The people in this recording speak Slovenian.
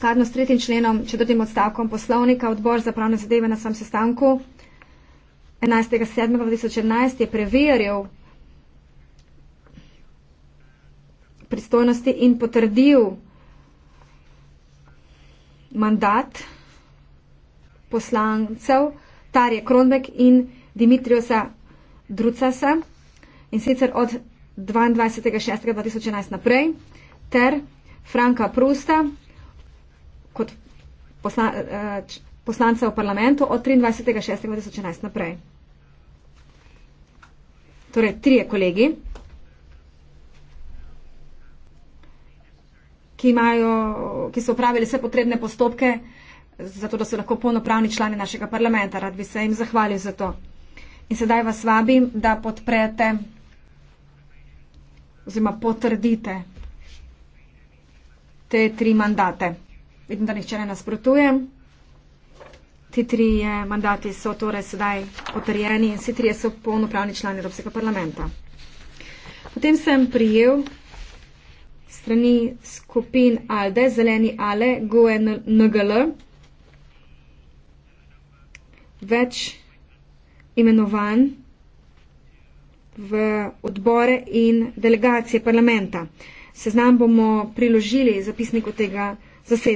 skladno s tretjim členom, četrtim odstavkom poslovnika odbor za pravne zadeve na sam sestanku 11.7.2011 je preverjal pristojnosti in potrdil mandat poslancev Tarje Kronbek in Dimitrijosa Drucasa in sicer od 22.6.2011 naprej ter Franka Prusta, kot posla, uh, poslanca v parlamentu od 23.6.2011 naprej. Torej, trije kolegi, ki, imajo, ki so upravili vse potrebne postopke, zato da so lahko polnopravni člani našega parlamenta. Rad bi se jim zahvalil za to. In sedaj vas vabim, da podprete oziroma potrdite te tri mandate. Vidim, da nihče ne nasprotuje. Ti tri mandati so torej sedaj potrjeni in vsi trije so polnopravni člani Evropskega parlamenta. Potem sem prijel strani skupin ALDE, zeleni ALE, GUE NGL, več imenovan v odbore in delegacije parlamenta. Seznam bomo priložili zapisniku tega zasedanja.